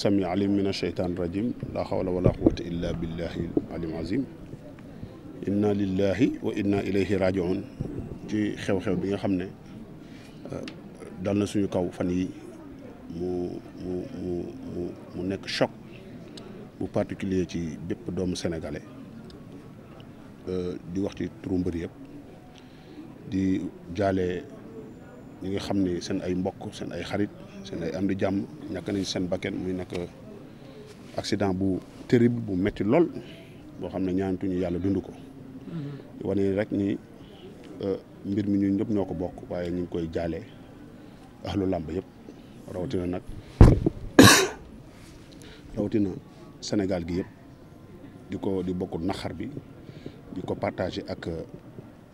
sami alim min asheytaan rajim la hawla wala quwata illa billahi alim azim inna lillahi wa inna ilayhi rajiun ci xew-xew bi nga xam ne euh, dal na suñu kaw fan yi mu mu mu mu nekk choc bu particulier ci bépp doomu sénégalais euh, di wax ci turu mbër yëpp di jaale ñi nga xam ne seen ay mbokk seen ay xarit seen ay am di jàmm ñàkk nañ seen bakkan muy nekk accident bu terrible bu metti lool boo xam ne ñaantuñu yàlla dund ko mm-hmm. wane rek nii euh, mbir mi ñu ñëpp ñoo ko bokk waaye ñu ngi koy jaale ahlu làmb yëpp rawatina nag rawatina Sénégal gi yëpp di ko di bokk naxar bi di ko partagé ak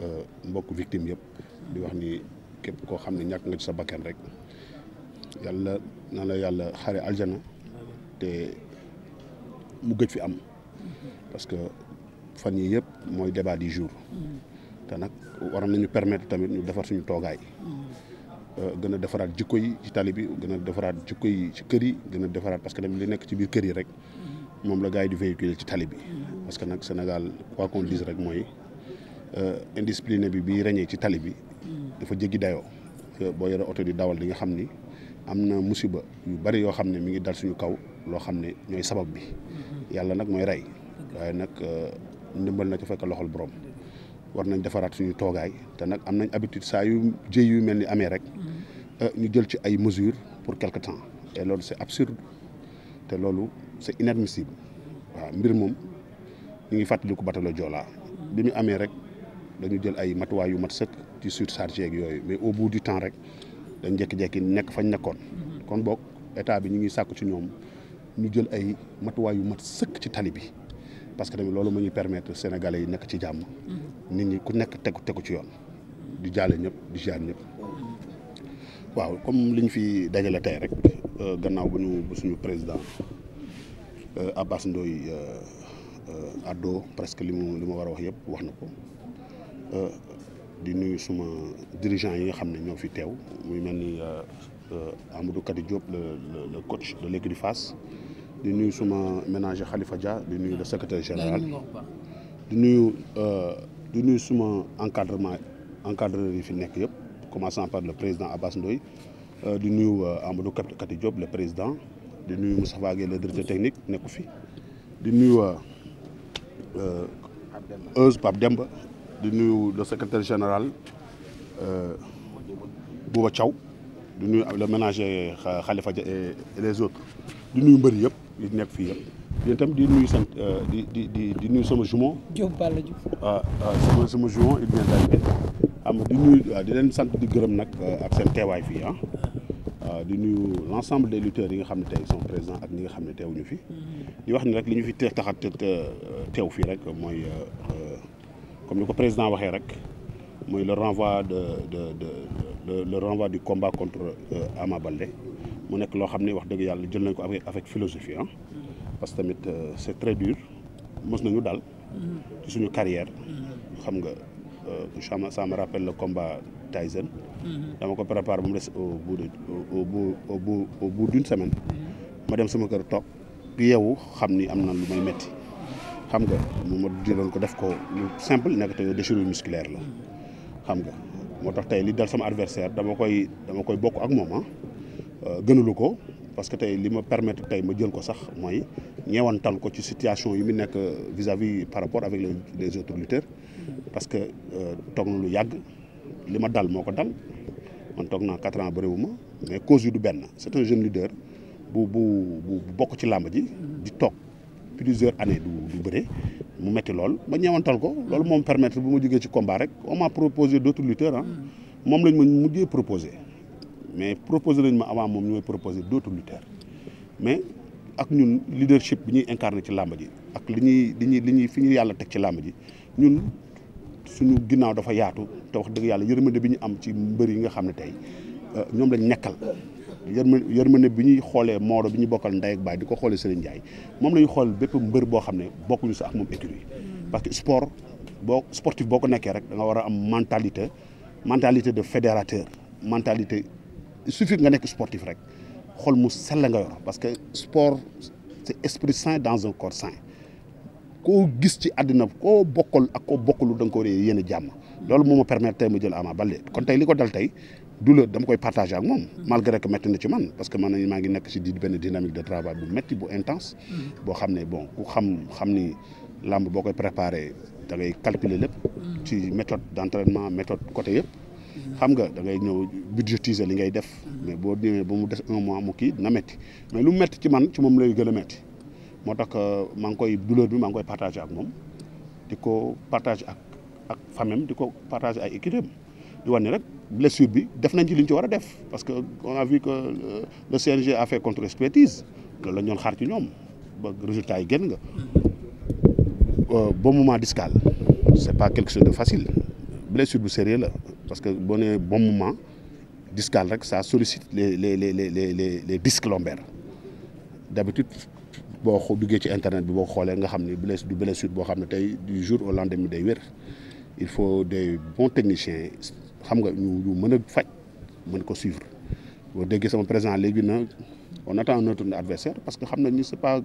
euh, mbokk victime yëpp di wax ni képp koo xam ne ñàkk nga ci sa bakken rek yàlla na la yàlla xare aljana te mu gëj fi am parce que fan yii yëpp mooy débat du jour te nag waroon ñu permettre tamit ñu defar suñu toogaay euh, gën a defaraat jikko yi ci tali bi gën a defaraat jikko yi ci kër yi gën a defaraat parce que tamit li nekk ci biir kër yi rek moom la gars yi di véhiculer ci tali bi parce que nag Sénégal quoi qu'on dise rek mooy euh, indiscipliné bi bii reñee ci tali bi dafa jéggi dayoo boo yore oto di dawal di nga xam ni am na musiba yu bari yoo xam ne mi ngi dal suñu kaw loo xam ne ñooy sabab bi mm-hmm. yàlla nag mooy rey waaye nag euh, ndimbal na ci fekk loxol borom war nañ defaraat suñu toogaay te nag am nañ habitude saa yu jëy yu mel ni amee rek mm-hmm. euh, ñu jël ci ay mesures pour quelque temps et loolu c'est absurde te loolu c'est inadmissible waaw mbir moom ñu ngi fàttaliku batalo Joola mm-hmm. bi mu amee rek dañu jël ay matuwaay yu mat sëkk ci surcharge ak yooyu mais au bout du temps rek dañ njekki jékki nekk fañ nekkoon kon book état bi ñu ngi sàkku ci ñoom ñu jël ay matuwaay yu mat sëkk ci tali bi parce que tamit loolu mu ñuy permettre sénégalais yi nekk ci jàmm mm-hmm. nit ñi ku nekk tegu tegu ci yoon di jaale ñëpp di jaar ñëpp waaw comme li ñu fi dajale tey rek euh, gannaaw bu ñu bu suñu président euh, Abbas Ndoye euh, addo presque li mu li ma war a wax yëpp wax na ko di nuyu suma dirigeant yi nga xam ne ñoo fi teew muy mel ni euh, Amadou Kadi Diop le le coach de l'équipe Fass di nuyu suma ménager Khalifa Dia di nuyu le secretaire général di nuyu euh, di nuyu suma encadrement encadreur yi fi nekk yëpp commençant par le président Abbas Ndoye euh, di nuyu Amadou Kati Diop le président di nuyu Moustapha Gueye le directeur technique nekku fi di nuyu Euse Pape Demba di nuyu le secrétaire général euh, Bouba Thiaw di nuyu le ménager Khalifa Dia et les autres di nuyu mbëri yëpp yi nekk fii yëpp tam di nuyu sant euh, di di di di nuyu sama jumeau. Diop ah, ah, sama sama jumeau il vient d'arriver am di nuyu ah, di leen sant di gërëm nag euh, ak seen teewaay fii ah di nuyu l'ensemble des lutteurs yi nga xam ne tey sont ak ñi nga xam ne teewuñu fi. Mm-hmm. di wax ni rek li ñu fi teew taxat teew fii rek mooy. comme ni ko président waxee rek mooy le renvoi de de de le renvoi du combat contre euh, Ama Baldé mu nekk loo xam ne wax dëgg yàlla jël nañ ko avec avec philosophie ah. parce que tamit euh, c'est très dur mos nañu daal. suñu carrière. xam nga sama euh, ça me rappelle le combat Tyson. dama ko préparé ba mu des au bout de au bout d'une semaine. ma dem sama kër toog di yeewu xam ni am na lu may metti xam nga mu ma jëloon ko def ko lu simple nekk te yow la xam nga moo tax tey li dal sama adversaire dama koy dama koy bokk ak moom ah euh, gënalu ko parce que tey li ma permettre tey ma jël ko sax mooy ñeewantal ko ci situation yi mu nekk vis-à-vis par rapport avec les les parce que euh, toog na lu yàgg li ma dal moo ko dal man toog naa quatre ans ma mais cause yi du benn c'est un jeune leader bu bu bu bokk ci làmb ji di toog plusieurs années du du bëre mu metti lool ba ñewantal ko loolu moom permettre bu ma jógee ci combat rek on m'a proposé d'autres am mm. moom lañ ma mujjee proposé mais proposé nañ ma avant moom ñu may proposé d'autres mais ak ñun leadership bi ñuy incarné ci làmb ji ak li ñuy li ñuy li ñuy fi ñu yàlla teg ci làmb ji ñun suñu ginnaaw dafa yaatu te wax dëgg yàlla yërmande bi ñu am ci mbër yi nga xam ne tey euh, ñoom lañ nekkal yërmande yërmande bi ñuy xoolee Mooro bi ñu bokkal ndey ak baay di ko xoolee Serigne Ndiaye moom la ñu xool bépp mbër boo xam ne bokkuñu sax ak moom écurie hmm. parce que sport boo sportif boo ko nekkee rek danga war a am mentalité mentalité de fédérateur mentalité il suffit nga nekk sportif rek xol mu sell nga yor parce que sport c'est esprit sain dans un corps sain koo gis ci àddina koo bokkal ak koo bokkalu da nga ko war a jàmm loolu moo ma permettre tey ma jël Ama Baldé kon tey li ko dal tey douleur dama koy partagé ak moom malgré que métti na ci man parce que man maa ngi nekk ci di benn dynamique de travail bu métti bu intense boo xam ne bon ku xam xam ni làmb boo koy préparé da ngay calculer lépp ci méthode d'entraînement méthode côté yëpp xam nga da ngay ñëw budgétiser li ngay def mais boo ñëwee ba mu des un mois mu kii dina métti mais lu métti ci man ci moom lay gën a métti moo tax euh, maa ngi koy douleur bi maa ngi koy partage ak moom di ko partagé ak ak famem di ko partagé ay équipe di wax ne nag blessure bi def nañ ci li ñu ci war a def parce que on a vu que euh, le CNG a contre-expertise loolu la xaar ci ñoom ba résultat yi génn nga. Euh, bon moment discal c'est pas quelque chose de facile blessure bu sérieux la parce que boo nee bon moment discal rek sa sollicite les les les les les les disques lombaires d'habitude boo xoo duggee ci internet bi boo xoolee nga xam ne blessure du blessure boo xam ne tey du jour au lendemain day wér il faut des bons techniciens. xam nga ñu ñu mën a faj mën ko suivre boo déggee sama président léegi na on attend notre adversaire parce que xam na ni c'est pas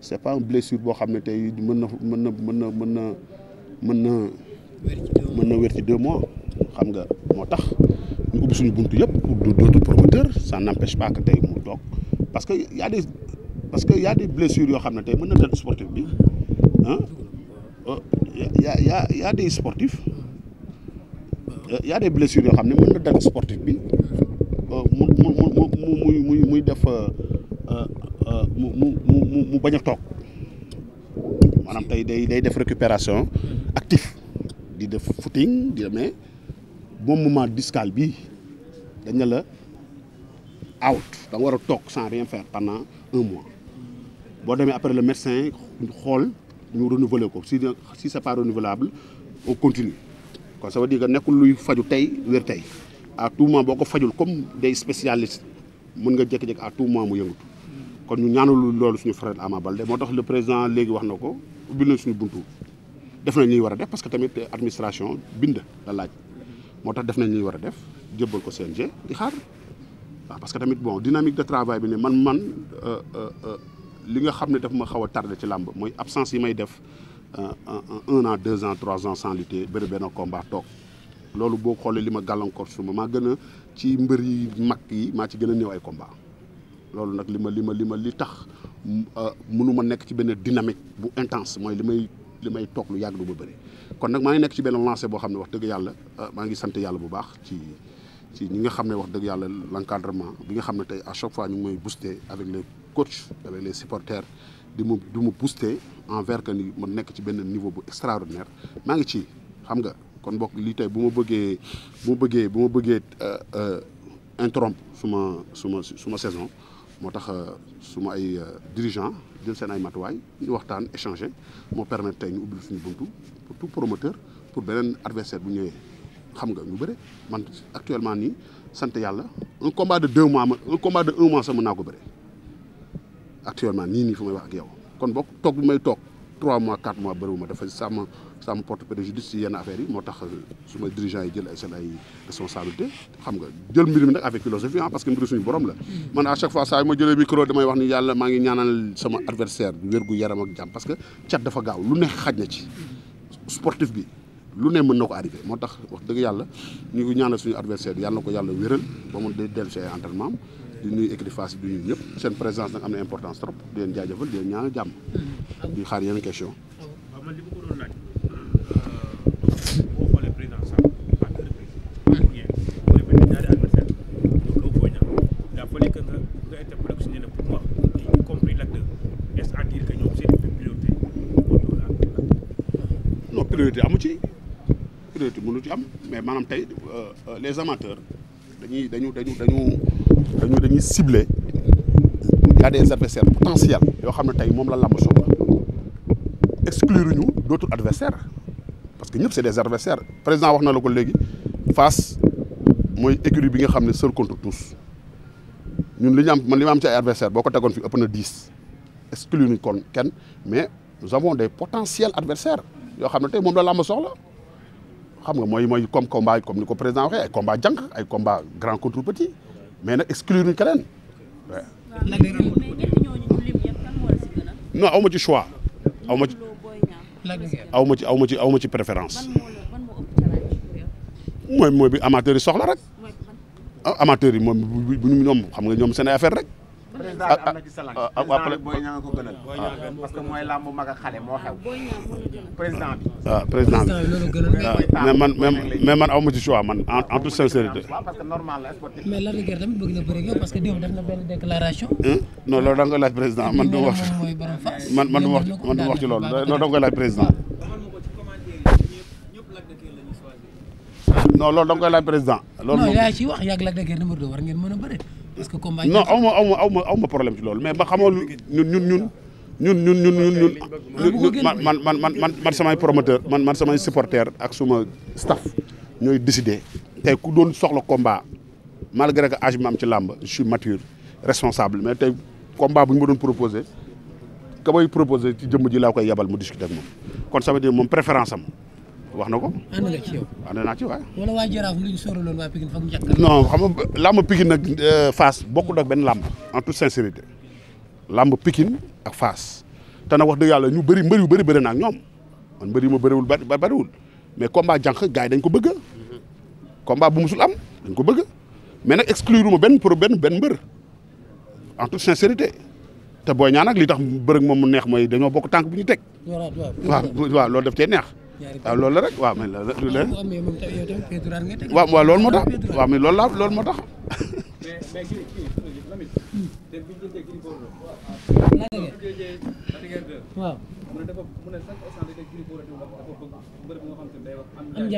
c'est pas une blessure boo xam ne tey mën na mën na mën na mën na mën na mën na wér ci deux mois xam nga moo tax ñu ubbi suñu bunt yëpp pour d'autres promoteurs ça n'empêche pas que mu toog parce que y a parce que y de des yoo xam ne tay mën na dal sportif bi ah euh, yaa a y a y Euh, y a des yoo xam ne mën na dal sportif bi euh, mu mu mu muy muy def euh, mu mu mu mu bañ a toog maanaam tey day day def récupération actif di def footing di mais bon moment discal bi dañ ne la out da war a toog sans rien faire pendant un mois boo demee après le médecin xool ñu renouveler ko si si c'est pas renouvelable on continue kon ça veut dire que nekkul luy faju tey wér tey à tout moment boo ko fajul comme day spécialiste mën nga jékki-jékki à tout mois mu yëngatu. kon ñu ñaanul loolu suñu frère Ama Baldé moo tax le président léegi wax na ko ubbil na suñu buntu def nañ ñuy war a def parce que tamit administration bind la laaj moo tax def nañ ñuy war a def jébbal ko CNG di xaar waaw parce que tamit bon dynamique de travail bi ne man man euh, euh, euh, li nga xam ne daf ma xaw a tardé ci làmb mooy absence yi may def. Euh, euh, euh, un an deux ans trois ans sans lutter bëri benn combat toog loolu boo xoolee li ma gàllankoor suma maa gën a ci mbër yi mag yi maa ci gën a néew ay combat loolu nag li ma li ma li ma li tax mënu nekk ci benn dynamique bu intense mooy li may may toog lu yàgg lu ma bëri kon nag maa ngi nekk ci benn lancé boo xam ne wax dëgg yàlla maa ngi sant yàlla bu baax ci ci ñi nga xam ne wax dëgg yàlla l' encadrement bi nga xam ne tey à chaque fois ñu ngi may booster avec les coachs les supporters di mu di mu booster envers que ni ma nekk ci benn niveau bu extraordinaire maa ngi ci xam nga kon bokk lii tey bu ma bëggee bu ma bëggee bu ma bëggee euh, euh, interrompre suma suma suma saison moo tax euh, suma ay dirigeant jël seen ay matuwaay ñu waxtaan échanger moo permettre tey ñu ubbil suñu buntu pour tout promoteur pour beneen adversaire bu ñëwee xam nga ñu bëre man actuellement nii sant yàlla un combat de deux mois un combat un mois sax mën naa ko bëre actuellement nii nii fi may wax ak yow kon bokk toog bi may toog 3 mois 4 mois bëriwuma dafa sama sama porte préjudice ci yenn affaires yi moo tax su ma dirigeant yi jël ay seen ay responsabilité xam nga jël mbir mi nag avec philosophie ah parce que mbir suñu borom la man à chaque fois saa yu ma jëlee micro damay wax ni yàlla maa ngi ñaanal sama adversaire wér gu yaram ak jàmm parce que cat dafa gaaw lu ne xaj na ci sportif bi lu ne mën na moo tax wax dëgg yàlla ñu ngi ñaanal suñu adversaire bi na ko yàlla wéral ba mu dellu si di nuyu équipe Fass bi ñun ñëpp seen présence nag am na importance trop di leen jaajëfal di leen ñaanal jàmm mm. di xaar yeneen question euh, non priorité amu ci priorité mënu ci am mais maanaam tey euh, euh, les amateurs dañuy dañu dañu dañu dañuy ciblé y a des adversaires potentiels yoo xam ne tey moom la làmb soxla exclure ñu d'autres adversaires parce que ñëpp c'est des adversaires président wax na la ko léegi face mooy écurie bi nga xam ne seul contre ñun li ñu am li am ci ay boo ko tegoon fi ëpp na dix exclure ñu kon mais nous avons des potentiels adversaires yoo xam ne tey moom la làmb soxla xam nga mooy mooy comme combat comme ni ko président waxee ay combat jànq ay combat grand contre petit mais nag exclure ñu keneen. non aw ma ci choix. aw ma ci aw ma ci aw ma ci aw ma ci préférence. mooy mooy bi amateur yi soxla rek. Ah, amateur yi moom bu ñoom xam nga ñoom seen affaire rek. Ah, ah, ah, président bi président bi parce que mooy làmb mag ak xale moo xew. man mais man aw ma ci choix man en toute sincérité. parce que normal la sportif. mais Lac na bëri yow parce que démb def na benn déclaration. non loolu da nga koy laaj président man du ma wax man man du wax man du wax ci loolu loolu da nga laaj président. non loolu da nga koy laaj président. loolu moom non yaa ci wax yàgg Lac de Guiers numéro 2 war ngeen mën a bëri. parce que combat non aw ma aw ma aw ma ma problème ci loolu mais ba xamoo ñun ñun ñun ñun ñun ñun ñun ñun man man man man man samay promoteur man man samay supporter ak suma staff ñooy décider tey ku doon soxla combat malgré que âge bi ma ci làmb je suis mature responsable mais tey combat bu ñu ma doon proposé ka may proposé ci jëmm ji laa koy yebal mu discuter ak moom kon ça veut moom préférence am wax na ko. ànd nga ci yow. ànd naa ci waay. wala waa Jaraaf li ñu sóoraloon waa xam nga làmb Pikine nag euh, Fass bokkul ak benn làmb en toute sincérité làmb pikin ak Fass te nag wax dëgg yàlla ñu bëri mbër yu bëri bëri na ñoom man yu ma bëriwul ba bëriwul mais combat jànq gars yi dañ ko bëgg. combat bu musul am dañ ko bëgg mais nag exclure ma benn pour benn benn mbër en toute sincérité. te booy ñaan ak li tax bërëg moom mu neex mooy dañoo bokk tànk bu ñu teg. waaw waaw loolu daf cee neex. waaw lool la rek waaw mais loolu waaw waaw moo tax waaw mais loolu la loolu moo tax. waaw. am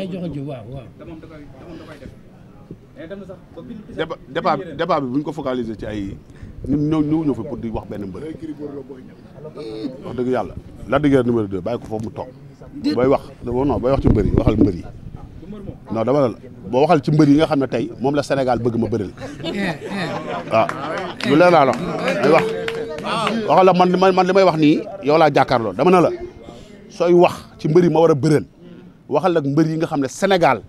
jaay bi buñ ko focaliser ci ay ñun ñëw ñëw fa pour di wax benn mbër. wax dëgg yàlla. Lac de Guiers numéro 2 bàyyi ko foofu mu toog. booy wax non booy wax ci mbër yi waxal mbër yi non dama la boo waxal ci mbër yi nga xam ne tey moom la Sénégal bëgg ma bëril waaw lu leer laa la ay wax waxal la man man may wax nii yow laa jàkkaarloo dama na la sooy wax ci mbër yi ma war a bëril waxal ak mbër yi nga xam ne Sénégal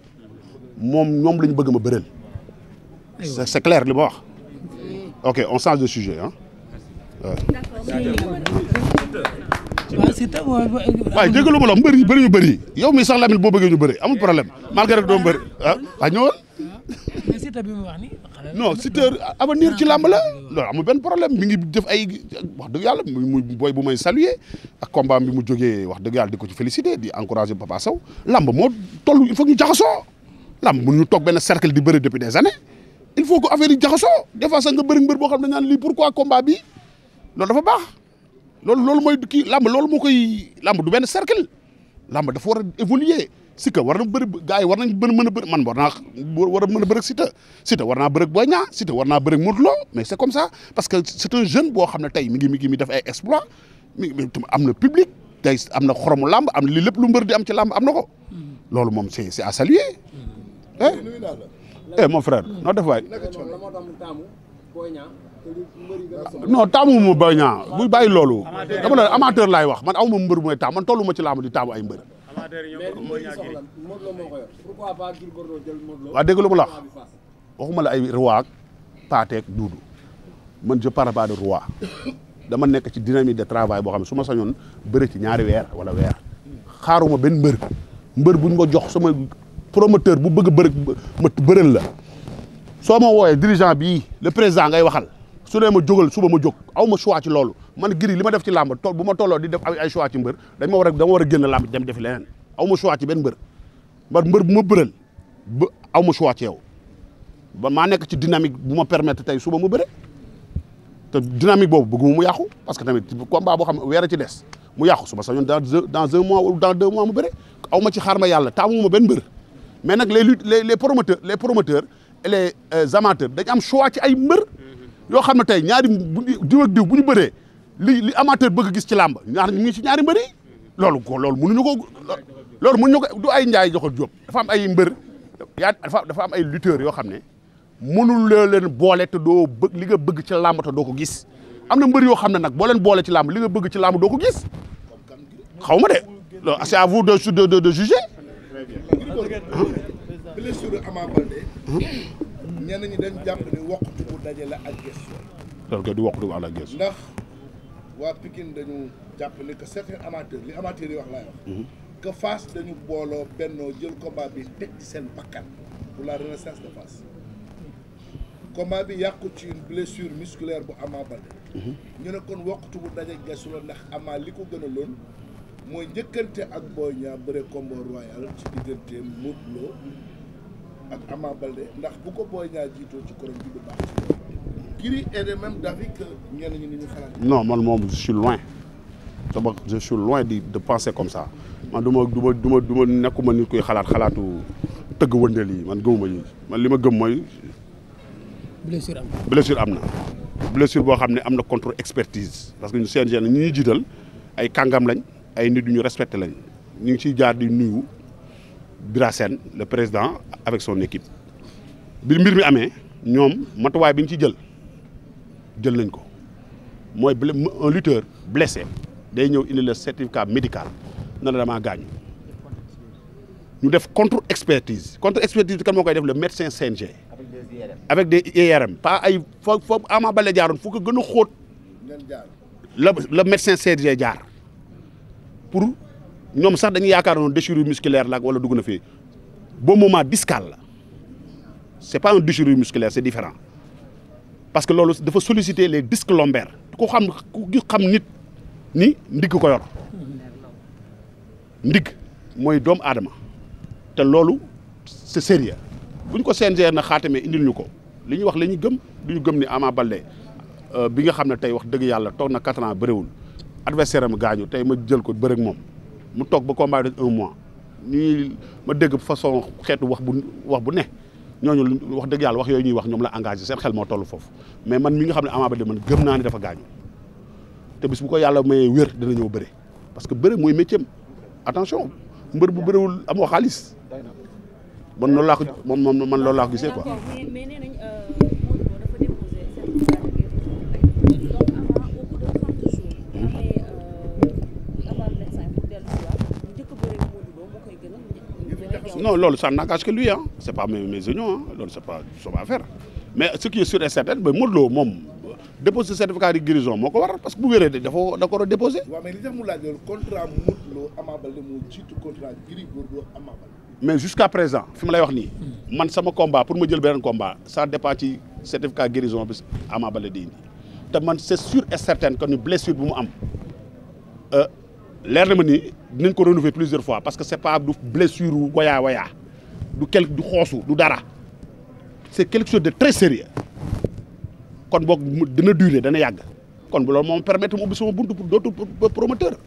moom ñoom la bëgg ma bëril c'est clair li ma wax ok on change de sujet waaw jégalu ma la mbër yi bëri ñu bëri yow mi sax Lamine boo bëggee ñu bëri amul problème malgré que doo mbër ah waa ñëwoon. non Siteu avenir ci làmb la loolu amul benn problème mi ngi def ay wax dëgg yàlla muy booy bu may saluer ak combat bi mu jógee wax dëgg yàlla di ko ci féliciter di encourager Papa Sow làmb moo toll il faut ñu jaxasoo làmb mënu ñu toog benn cercle di bëri depuis des années il faut que affaire yi jaxasoo des fois sax nga bëri mbër boo xam ne naan lii pourquoi combat bi loolu dafa baax loolu loolu mooy kii làmb loolu moo koy làmb du benn cercle làmb dafa war a évoluer Siteu war na bëri gars yi war na bën mën a bëri man war naa war a mën a bëri Siteu Siteu war naa bëri Boy Niang Siteu war naa bëri Modou Lo mais c'est comme ça parce que c'est un jeune boo xam ne tey mi ngi mi ngi mi def ay exploit mi am na public tey am na xoromu làmb am na li lépp lu mbër di am ci làmb am na ko loolu moom c'est a à saluer eh mon frère noo def waay non taamuwuma Boy Niang bu bàyyi loolu dama la amateur laay wax man awma mbër mooy taam man tollu ma ci laamu di taamu ay mbër waaw dégg lu waxuma la ay roi ak paateeg duudu man je parle pas roi dama nekk ci dynamique de travail boo xam ne su ma sañoon bëri ci ñaari weer wala weer xaaruma benn mbër mbër buñ ma jox sama promoteur bu bëgg a bëri ma bëril la soo ma wooyee dirigeant bi le président ngay waxal su dee ma jógal suba ma jóg aw ma choix ci loolu man giri li ma def ci làmb tool bu ma tolloo di def ay choix ci mbër dañ ma war a dama war a génn làmb dem defi leneen aw ma choix ci benn mbër ba mbër bu ma bëral ba aw ma choix ci yow ba maa nekk ci dynamique bu ma permettre tey suba ma bëre te dynamique boobu bëgguma mu yàqu parce que tamit combat boo xam weer ci des mu yàqu suba sax ñun dans dans un mois ou dans bëre aw ma ci xaar ma yàlla taamu ma benn mbër mais nag les luttes les les les promoteurs les euh, amateurs dañ am choix ci ay mbër yoo xam ne tey ñaari diw ak diw bu ñu bëree li li amateur bëgg gis ci làmb ñaar ñu ngi ci ñaari mbër yi loolu ko loolu mënuñu ko loolu mënuñu ko du ay njaay joxal jóob dafa am ay mbër yaa dafa am ay lutteurs yoo xam ne mënul loo leen boole te doo bëgg li nga bëgg ci làmb te doo ko gis am na mbër yoo xam ne nag boo leen boole ci làmb li nga bëgg ci làmb doo ko gis xaw ma de c'est à vous de de de blessure Ama Baldé. ñenn ñi dañ jàpp ne wokkatu bu daje la ak gëstu. loolu kay du wokkatu bu ànd ak gëstu. ndax waa Pikine dañu jàpp ne que certains amateurs li amateurs yi wax laay wax. Mhm. que Fass dañu booloo bennoo jël combat bi teg ci seen bakkan bu la renaissance de Fass. combat bi yàqu ci une blessure musculaire bu Ama Baldé. Mhm. ñu ne kon wokkatu bu daje gëstu la ndax Ama li ko gën a mooy njëkkante ak Boy Niang bëre combat royal ci diggante Modou ak Ama Balde non man moom je suis loin dama je suis loin di de penser comme ça man du ma du ma du ma ma nekkuma nit kuy xalaat xalaatu tëgg wëndeel yi man gëmuma yi man li ma gëm mooy. blessure am na blessure am na. blessure boo xam ne am na contre expertise parce que ñu CNG ñi ñuy jiital ay kàngam lañ ay nit yu ñu respecté lañ ñu ngi ciy jaar di nuyu. Bira Sène le président avec son équipe bi mbir mi amee ñoom matuwaay bi ñu ci jël jël nañ ko mooy un lutteur blessé day ñëw indi le certificat médical na la damaa gaañu ñu def contre expertise contre expertise kan moo koy def le médecin CNG. avec des IRM avec pas ay foo foo Ama Baldé jaaroon foo ko gën a xóot. la le médecin CNG jaar pour. ñoom sax dañuy yaakaar noonu déchirure musculaire la wala dugg na fii ba moment discal la c'est pas un déchirure musculaire c'est différent parce que loolu dafa solliciter les disques lombaires ku xam ku xam nit nii ndigg ko yor ndigg mooy doomu aadama te loolu c'est sérieux bu ñu ko CNG na xaatamee indil ñu ko li ñuy wax ñuy gëm du ñu gëm ni Ama Baldé euh, bi nga xam ne tey wax dëgg yàlla toog na quatre ans bëriwul adversaire am gaañu tey ma jël ko bëreeg moom mu toog ba combat bi un mois nii ma dégg façon xeetu wax bu wax bu ne ñooñu wax dëgg yàlla wax yooyu ñuy wax ñoom la engagé seen xel moo toll foofu mais man mi nga xam ne Ama Baldé man gëm naa ne dafa gaañu te bis bu ko yàlla mayee wér dina ñëw bëre parce que bëre mooy métier attention mbër bu bërewul amoo xaalis man loolu laa ko man man loolu laa ko gisee non loolu ça n'engage que lui ah c'est pas mes mes oignons ah c'est pas sama affaire mais ce qui est sûr et certain mooy moom déposer certificat guérison moo ko war parce que bu wéree dafa da a déposer. mais li tax mu laaj jusqu'à présent fi ma lay wax nii. man sama combat pour ma jël beneen combat sa dépend ci certificat guérison bi Ama Baldé di indi te man c'est sûr et certain que blessure bu mu am. Euh, leer na ma ni dinañ ko renouveler plusieurs fois parce que c'est pas du blessure waya waya du quelque du xoosu du dara c'est quelque chose de très sérieux kon boog dina durer dana yàgg kon bu loolu moom permettre mu ubbi sama buntu pour d'autres promoteur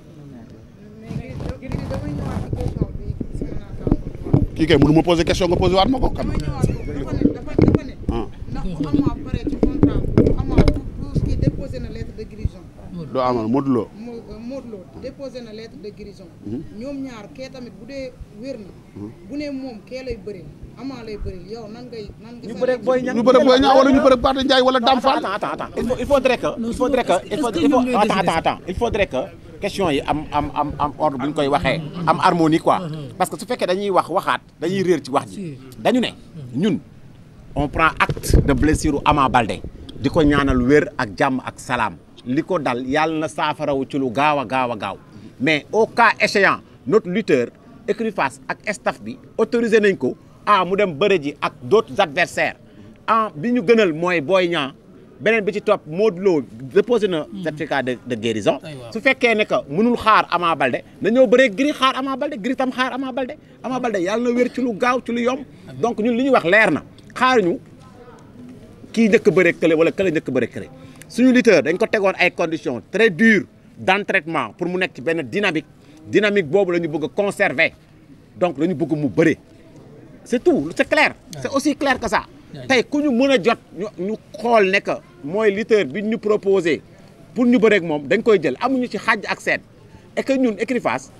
kii kay mënu ma poser question nga poser waat ma ko kam ah. doo amal Modou Lo Modou Lo déposé na lettre de guérison. Mhm. ñoom ñaar kee tamit bu dee wér na. Mhm. bu ne moom kee bëreel amaa lay bëreel yow nan ñu bëreeg Boy Niang ñu bëreeg Boy Niang wala ñu bëreeg Pathé Ndiaye wala Dame Fall. attends attends il faut il que. il faudrait que il faut il faut attends question yi am am am am ordre bu ñu koy waxee. Mhm. am harmonie quoi. parce que su fekkee dañuy wax waxaat dañuy réer ci wax ji. dañu ne ñun on prend acte de blessure Ama Baldé di ko ñaanal wér ak jàmm ak salaam. li ko dal yàlla na saafarawu ci lu gaaw a gaaw a gaaw mais au cas échéant notre lutteur écurie ak staff bi autorisé nañ ko ah mu dem bëre ji ak d'autres adversaires ah bi ñu gënal mooy booy Niang beneen bi ci topp Modou Lo déposé na hmm. certificat de de guérison su fekkee ne que mënul xaar Ama Baldé na ñëw bëree Gris xaar Ama Baldé Gris tam xaar Ama Baldé Ama Baldé yàlla na wér ci lu gaaw ci lu yomb donc ñun li ñuy wax leer na ñu kii njëkk bëre kële wala kële njëkk bëre kële suñu lutteur dañ ko tegoon ay conditions très dures d'entraînement pour mu nekk ci benn dynamique dynamique boobu la ñu bëgg a conserver donc la ñu bëgg mu bëre c'est tout c'est clair c'est aussi clair que ça tey ku ñu mun a jot ñu ñu xool ne que mooy lutteur bi ñu proposé pour ñu bëreek moom dañ koy jël amuñu ci xàjj ak set et que ñun écurie Fass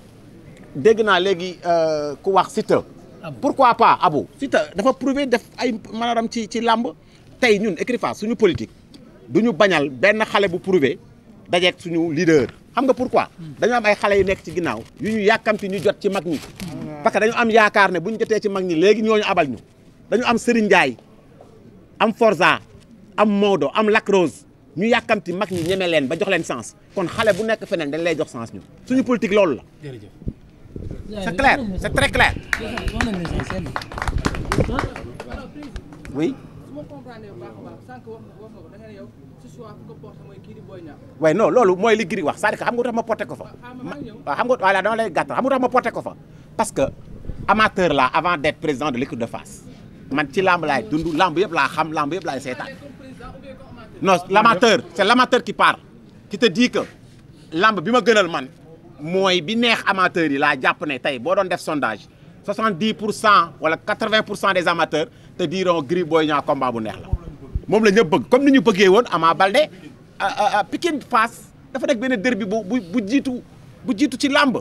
dégg naa léegi euh, ku wax Siteu pourquoi pas abu Siteu dafa prouver def ay maanaam ci ci làmb tey ñun écurie Fass suñu politique du ñu bañal benn xale bu prouvé dajeeg suñu leader. xam nga pourquoi dañu am ay xale yu nekk ci ginnaaw yu ñu yàkkamti ñu jot ci mag ñi parce que dañu am yaakaar ne bu ñu jotee ci mag ñi léegi ñooñu abal ñu dañu am Serigne Ndiaye am Forza am Maodo am Lac Rose ñu yàkkamti mag ñi ñeme leen ba jox leen sens kon xale bu nekk feneen dañ lay jox sens ñu suñu politique loolu la. jërëjëf c'est clair c'est ma comprendre loolu mooy li Gris wax c'est-à-dire que xam nga tax ma porté ko fa waaw ah, ah, ah, xam nga voilà dama lay gàttal xam ma porté ko fa parce que amateur la avant d'être président de l'équipe de Fass man ci lamb laay dund lamb yëpp laa xam lamb yëpp laay seetaan non l'amateur c'est l'amateur qui parle qui te dit que lamb bi ma gënal man mooy bi neex amateurs yi laa jàpp ne tey boo doon def sondage 70 pour cent wala 80 pour cent des amateurs te diiroo Gris Boy ñaa combat bu neex la moom la ñëpp bëgg comme ni ñu bëggee woon Ama Baldé Pikine Fass dafa nekk benn derby bu bu bu jiitu bu jiitu ci làmb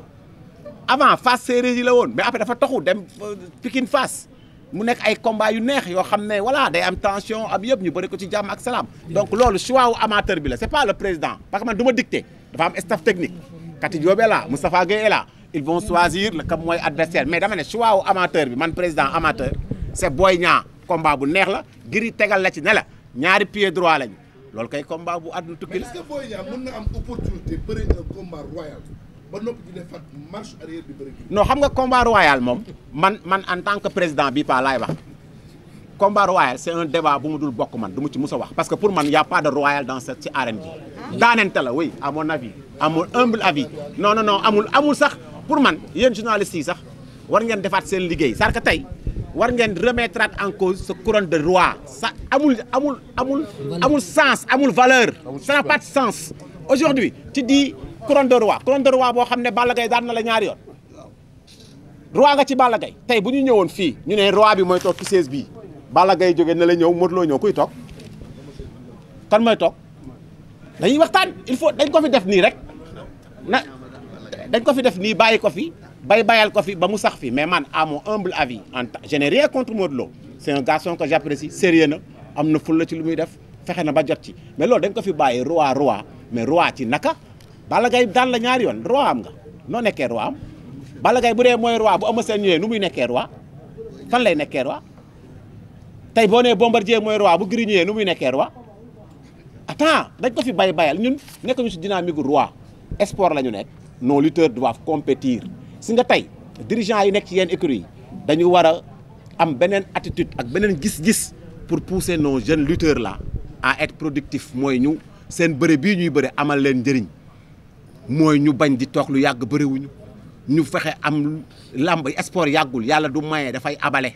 avant Fass séeréer yi la woon mais après dafa taxu dem euh, Pikine Fass mu nekk ay combat yu neex yoo xam ne wala day am tension am yëpp ñu bëri ko ci jàmm ak salaam donc loolu choix wu amateur bi la c'est pas le président parce que man du ma dicté dafa am staff technique Kati Diop la Moustapha Gueye la ils vont choisir le kam amateur bi man président amateur c'est Boy Niang combat bu neex la giri tegal la ci ne ñaari pied droit lañu loolu kay combat bu àdduna tukki la. mais est-ce que Boy Niang mën na royal xam nga combat royal moom man man en tant que président bi pa laay wax combat royal c'est un débat bu mu dul bokk man du mu ci mus a wax. parce que pour man y a pas de royal dans cette ci arène bi daanente la oui à mon avis à humble avis non non amul amul sax pour man yéen journalistes yi sax war ngeen defaat seen liggéey cest à tey. war ngeen remettre en cause sa couronne de roi ça amul amul amul amul sens amul valeur ça n'a pas de sens aujourd'hui tu dis couronne de roi couronne de roi boo xam ne bala gay daan na la ñaari yoon roi nga ci Balla Gaye tey bu ñu ñëwoon fii ñu ne roi bi mooy toog ci siège bii Balla Gaye jógee na la ñëw Modou Lô ñëw kuy toog kan mooy toog dañuy waxtaan il faut dañ ko fi def nii rek na dañ ko fi def nii bàyyi ko fi bay bayal ko fi ba mu sax fi mais man à mon humble avis en je n'ai rien contre Modou Lo seen un ko que j'apprécie sérieux na am na fulla ci lu muy def fexe na ba jot ci mais loolu dañ ko fi bàyyi roi roi mais roi ci naka Balla Gaye daan ñaari yoon roi am nga noo nekkee roi am Balla Gaye bu dee mooy roi bu Eumeu Sène nu muy nekkee roi fan lay nekkee roi tey boo nee Bombardier mooy roi bu Gris ñëwee nu muy nekkee roi attends dañ ko fi bay bayal ñun nekk ñu si dynamique roi sport lañu nekk nos lutteurs doivent compétir si nga tey dirigeant yi nekk ci yenn écuries yi dañu war a am beneen attitude ak beneen gis-gis pour pousser nos jeunes lutteurs la à être productifs mooy ñu seen bëre bii ñuy bëre amal leen njëriñ mooy ñu bañ di toog lu yàgg bëriwuñu ñu fexe am làmb sport yàggul yàlla du maye dafay abale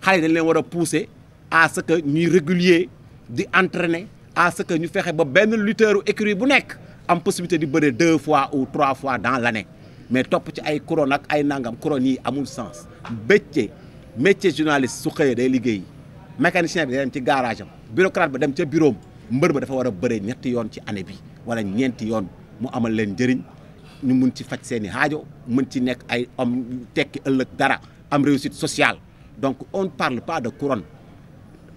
xale yi dañ leen war a pousser à ce que ñuy régulier di entraîner à ce que ñu fexe ba benn lutteur écurie bu nekk am possibilité di bëre deux fois ou trois fois dans l'année mais topp ci ay couronne ak ay nangam couronne yi amul sens métier métier journaliste su xëyee day liggéey mécanicien bi day dem ci garage am bureaucrate ba dem ca bureau mbër ba dafa war a bëree ñetti yoon ci année bi wala ñeenti yoon mu amal leen njëriñ ñu mun ci faj seen i haajo mun ci nekk ay am tekki ëllëg dara am réussite sociale donc on parle pas de couronne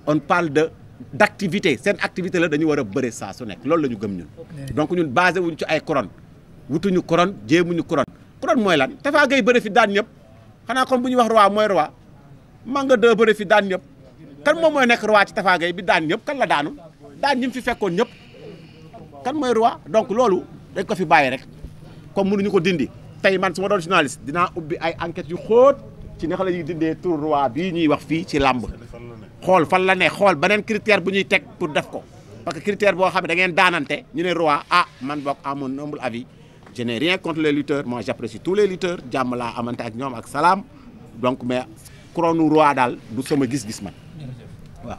on parle de d' activité seen activité la dañu war a bëree saa su nekk loolu la ñu gëm ñun donc ñun basé wuñ ci ay couronne wutuñu couronne jéemuñu couronne couronne mooy lan Tafa Gueye bëre fi daan ñëpp xanaa kon bu ñuy wax roi mooy roi Manga 2 bëre fi daan ñëpp kan moom mooy nekk roi ci Tafa bi daan ñëpp kan la daanu daan ñi fi fekkoon ñëpp kan mooy roi donc loolu dañ ko fi bàyyi rek comme ñu ko dindi tey man su ma doon journaliste dinaa ubbi ay enquêtes yu xóot ci naka la ñuy dindee tur roi bi ñuy wax fii ci làmb xool fan la ne xool beneen critère bu ñuy teg pour def ko parce que critère boo xam ne da ngeen daanante ñu ne roi ah man bokk à mon humble je n'ai rien contre les lutteurs moi j'apprécie tous les laa amante ak ñoom ak salaam donc mais couronne roi daal du sama gis-gis man waaw. waaw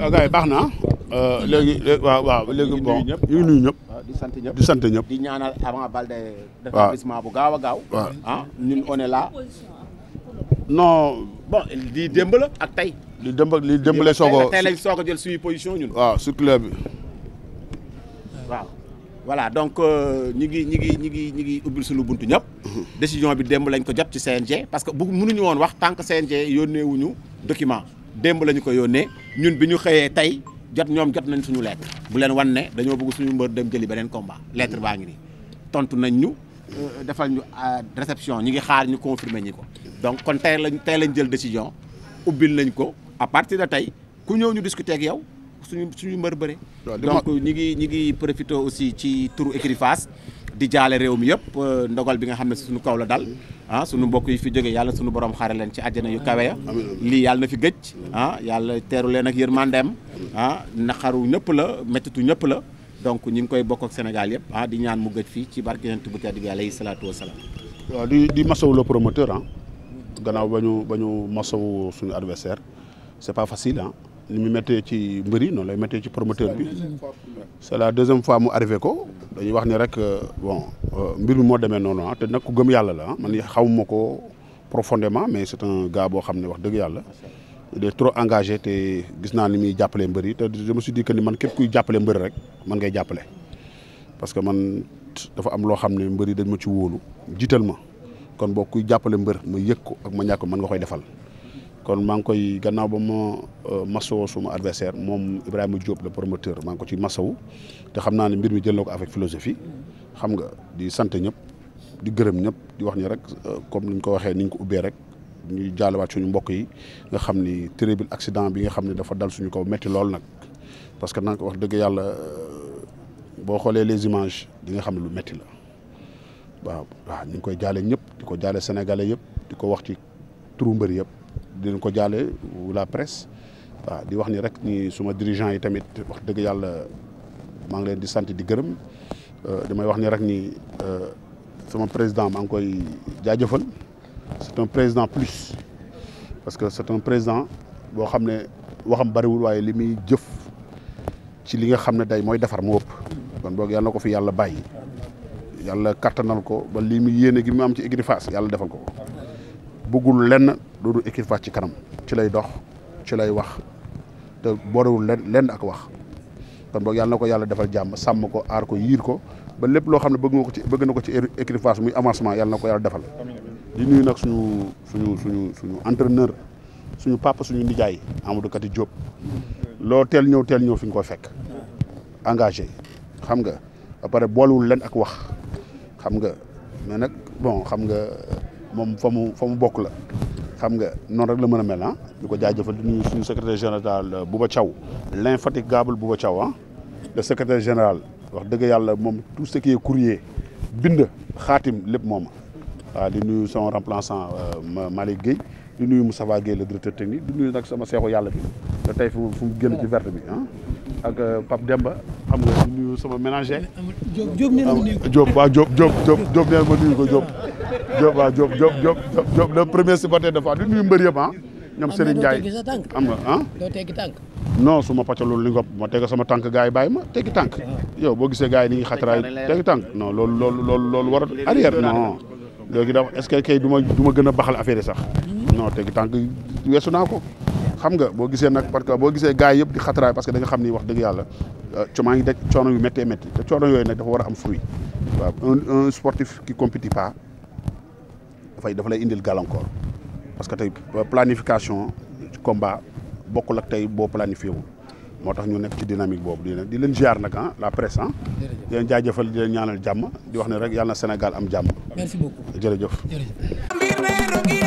ah, gars yi baax na ah. euh, léegi bon ñu ngi nuyu ah, di sant ñëpp di sant ñëpp. di ñaanal avant Baldé. waaw bu gaaw a gaaw. waaw ah ñun on est là. bon lii démb ak tey. li démb li démb la jël suñu position ñun. waaw sur club waaw voilà donc euh, ñi ngi ñi ngi ngi ñi ngi ubbil suñu buntu ñëpp mhm. décision bi démb lañ ko jot ci CNG parce que bu mënuñu woon wax tant que CNG yónnee wuñu document démb lañu ko yónnee ñun bi ñu xëyee tey jot ñoom jot nañ suñu lettre bu leen wan ne dañoo bugg suñu mbër dem jëli beneen combat lettre baa ngi nii tontu nañ ñu euh, defal ñu réception ñi ngi xaar ñu confirmer ñi ko donc kon tey lañ tey lañ jël décision ubbil nañ ko à partir de tey ku ñëw ñu discuter ak yow suñu suñu mbër bëre donc ñi ngi ñi ngi profité aussi ci turu écurie di jaale réew mi yëpp euh, ndogal bi nga xam ne suñu kaw la dal ah suñu mbokk yi fi jógee yàlla suñu borom xare leen ci àjjana yu kawe ya lii yàlla na fi gëj ah yàlla teeru leen ak yërmandeem ah naqaru ñëpp la méttitu ñëpp la donc ñu ngi koy bokk ak Sénégal yëpp ah di ñaan mu gëj fii ci barke Yonent bu tedd bi alayhi salaatu wasalaam waaw di di masawu le promoteur ah gannaaw ba ñu ba ñu masawu suñu adversaire c'est pas ah. ni mu méttee ci mbër noonu lay méttee ci promoteur bi c' est la deuxième fois mu arrivé ko dañuy wax ni rek euh, bon euh, mbir mi moo demee noonu ah te nag ku gëm yàlla la ah. man xawma ko profondément mais c' est un gars boo xam ne wax dëgg yàlla il est trop engagé te gis naa ni muy jàppale mbër yi te je me suis dit que ni man képp kuy jàppale mbër rek man ngay jàppale parce que man dafa am loo xam ne mbër yi dañ ma ci wóolu jiital ma kon boo kuy jàppale mbër ma yëg ak ma ñàkk man nga koy defal kon maa ngi koy gannaaw ba ma euh, masawoo suma adversaire moom Ibrahima Diop le promoteur maa ngi ko ci masawu te xam naa ne mbir mi jël na ko avec philosophie xam nga di sant ñëpp di gërëm ñëpp di wax ni rek euh, comme ni ñu ko waxee ni ñu ko ubbee rek ñuy jaalewaat suñu mbokk yi nga xam ni terrible accident bi nga xam ne dafa dal suñu kaw métti lool nag parce que nag wax dëgg yàlla euh, boo xoolee les images di nga xam lu métti la waaw waaw ñu ngi koy jaale ñëpp di ko jaale sénégalais yëpp di ko wax ci turu mbër yëpp. dinañ ko jaale la presse waa di wax nii rek nii suma dirigeant yi tamit wax dëgg yàlla maa ngi leen di sant di gërëm euh, damay wax ni rek ni euh, sama président maa ngi koy jaajëfal c'est un président plus parce que c'est un président boo xam ne waxam bariwul waaye li muy jëf ci li nga xam ne day mooy defar mu ëpp kon boog yàlla na ko fi yàlla bàyyi yàlla kattanal ko ba li muy yéene gi mu am ci Écurie Fass yàlla defal ko bëggul lenn lu dul équipe Fass ci kanam ci lay dox ci lay wax te boorewul lenn lenn ak wax kon boog yàlla ko yàlla defal jàmm sàmm ko aar ko yiir ko ba lépp loo xam ne bëgg nga ko ci bëgg na ko ci équipe Fass muy avancement yàlla na ko yàlla defal di nuyu nag suñu suñu suñu suñu entraîneur suñu papa nijaay Amadou Kati Diop loo teel ñëw teel ñëw fi nga koy fekk engagé xam nga ba pare boolewul lenn ak wax xam nga mais nag bon xam nga moom fa mu fa mu bokk la xam nga noon rek la mën a mel ah ñu ko jaajëfal di nuyu suñu secrétaire général euh, Bouba Thiaw l'infatigable Bouba Thiaw ah le secrétaire général wax dëgg yàlla moom tout ce qui est bind xaatim lépp moom waaw ah, di nuyu son remplaçant euh, Malick Guèye di nuyu Moustapha Guèye le directeur technique di nuyu nag sama seexu yàlla bi te tey fu mu génn ci verte bi ah ak euh, Pape Demba nuyu sama ménager. Diop Diop nee na ma nuyu ko Diop waaw Diop Diop Diop nee na ma nuyu ko Diop. Diop waaw Diop Diop Diop Diop le premier supporter de Fass di nuyu mbër yëpp ah. ñoom Serigne Ndiaye am nga ah. doo teggi tànk. non su ma pàccalul li nga ma teg sama tànk gars yi bàyyi ma teggi tànk. Ah. yow boo gisee gars yi ni ngi xatraay teggi tànk non loolu lool lool loolu war a arrière non. léegi dafa est-ce que kay du ma du ma gën a baxal affaire sax. non tegi tànk weesu naa ko. xam nga boo gisee nag parce que boo gisee gars yëpp di xatraay parce que da xam ni wax dëgg yàlla euh, maa ngi daj coono yu méttee métti te coono yooyu nag dafa war a am fruit waaw un un sportif qui compétit pas dafay dafa lay indil gàllankoor parce que tey euh, planification combat bokkul ak tey boo planifié wul moo tax ñu nekk ci dynamique boobu di leen di leen ziar nag ah la presse ah. di leen jaajëfal ñaanal jàmm di wax ne rek yàlla Sénégal am jàmm. jërëjëf.